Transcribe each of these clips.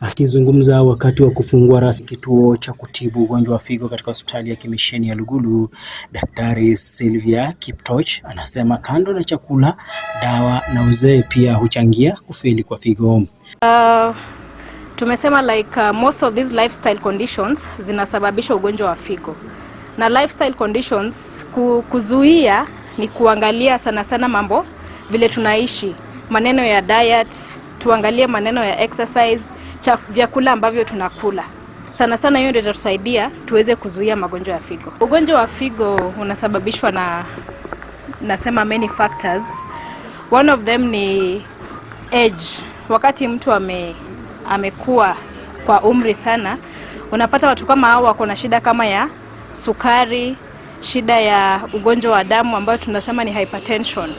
Akizungumza wakati wa kufungua rasmi kituo cha kutibu ugonjwa wa figo katika hospitali ya Kimisheni ya Lugulu, Daktari Sylvia kiptoch anasema kando na chakula, dawa na uzee pia huchangia kufeli kwa figo. Uh, tumesema like uh, most of these lifestyle conditions zinasababisha ugonjwa wa figo na lifestyle conditions ku, kuzuia ni kuangalia sana sana mambo vile tunaishi, maneno ya diet tuangalie maneno ya exercise, cha vyakula ambavyo tunakula sana sana, hiyo ndio itatusaidia tuweze kuzuia magonjwa ya figo. Ugonjwa wa figo unasababishwa na nasema many factors, one of them ni age. Wakati mtu ame, amekuwa kwa umri sana, unapata watu kama hao wako na shida kama ya sukari, shida ya ugonjwa wa damu ambayo tunasema ni hypertension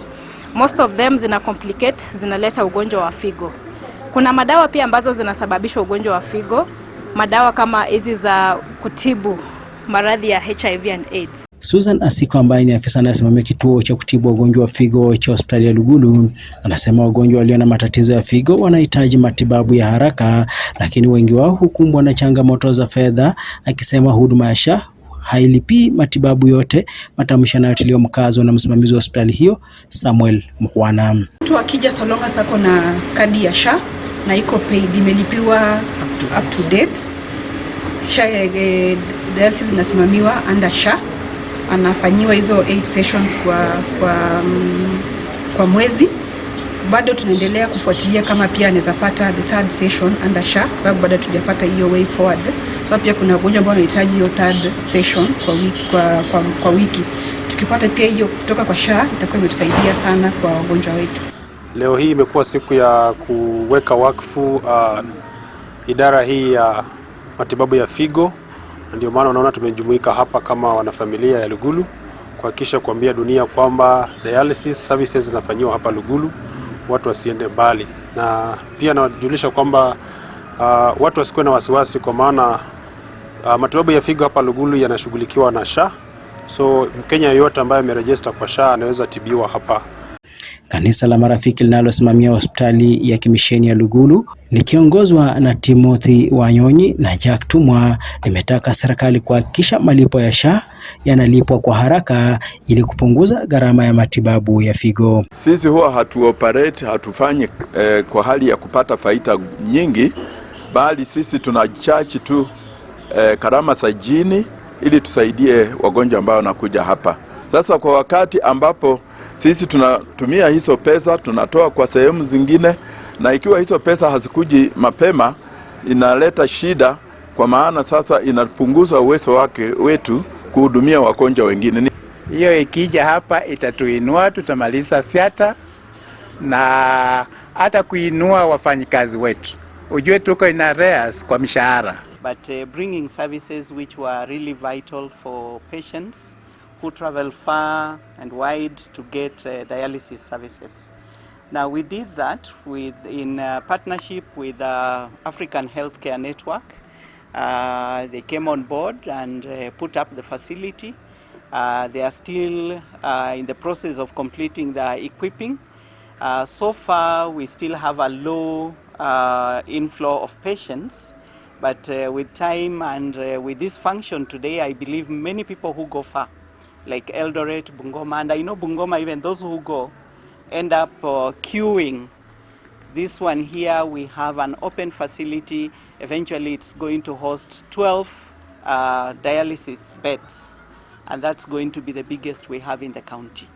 most of them zina complicate, zinaleta ugonjwa wa figo. Kuna madawa pia ambazo zinasababisha ugonjwa wa figo, madawa kama hizi za kutibu maradhi ya HIV and AIDS. Susan Asiko ambaye ni afisa anayesimamia kituo cha kutibu wagonjwa wa figo cha hospitali ya Lugulu anasema wagonjwa walio na matatizo ya figo wanahitaji matibabu ya haraka, lakini wengi wao hukumbwa na changamoto za fedha, akisema huduma ya SHA hailipii matibabu yote, matamshi yanayotiliwa mkazo na msimamizi wa hospitali hiyo Samuel Mkhwana. Mtu akija Solonga sako na kadi ya SHA na iko paid, imelipiwa up to date. SHA eh, eh, dialysis zinasimamiwa under SHA, anafanyiwa hizo 8 sessions kwa, kwa, mm, kwa mwezi bado tunaendelea kufuatilia kama pia anaweza pata the third session under SHA, sababu bado tujapata hiyo way forward sababu pia kuna wagonjwa ambao wanahitaji hiyo third session kwa wiki, kwa, kwa, kwa wiki. Tukipata pia hiyo kutoka kwa SHA itakuwa imetusaidia sana kwa wagonjwa wetu. Leo hii imekuwa siku ya kuweka wakfu uh, idara hii ya matibabu ya figo, ndio maana unaona tumejumuika hapa kama wanafamilia ya Lugulu kuhakikisha kuambia dunia kwamba dialysis services zinafanyiwa hapa Lugulu, watu wasiende mbali, na pia nawajulisha kwamba uh, watu wasikuwe na wasiwasi kwa maana Uh, matibabu ya figo hapa Lugulu yanashughulikiwa na SHA, so Mkenya yoyote ambaye amerejista kwa SHA anaweza tibiwa hapa. Kanisa la Marafiki linalosimamia hospitali ya kimisheni ya Lugulu likiongozwa na Timothy Wanyonyi na Jack Tumwa limetaka serikali kuhakikisha malipo ya SHA yanalipwa kwa haraka ili kupunguza gharama ya matibabu ya figo. Sisi huwa hatuoperate, hatufanyi eh, kwa hali ya kupata faida nyingi, bali sisi tuna chachi tu eh, karama za jini ili tusaidie wagonjwa ambao wanakuja hapa. Sasa kwa wakati ambapo sisi tunatumia hizo pesa tunatoa kwa sehemu zingine, na ikiwa hizo pesa hazikuji mapema inaleta shida, kwa maana sasa inapunguza uwezo wake wetu kuhudumia wagonjwa wengine. Hiyo ikija hapa itatuinua, tutamaliza fyata na hata kuinua wafanyikazi wetu. Ujue tuko ina kwa mishahara. but uh, bringing services which were really vital for patients who travel far and wide to get uh, dialysis services. Now, we did that with, in uh, partnership with the uh, African Healthcare Network. Uh, they came on board and uh, put up the facility. they are still in the process of completing the equipping. so far, we still have a low inflow of patients, But uh, with time and uh, with this function today, I believe many people who go far, like Eldoret, Bungoma, and I know Bungoma, even those who go, end up uh, queuing. This one here, we have an open facility. Eventually, it's going to host 12 uh, dialysis beds, and that's going to be the biggest we have in the county.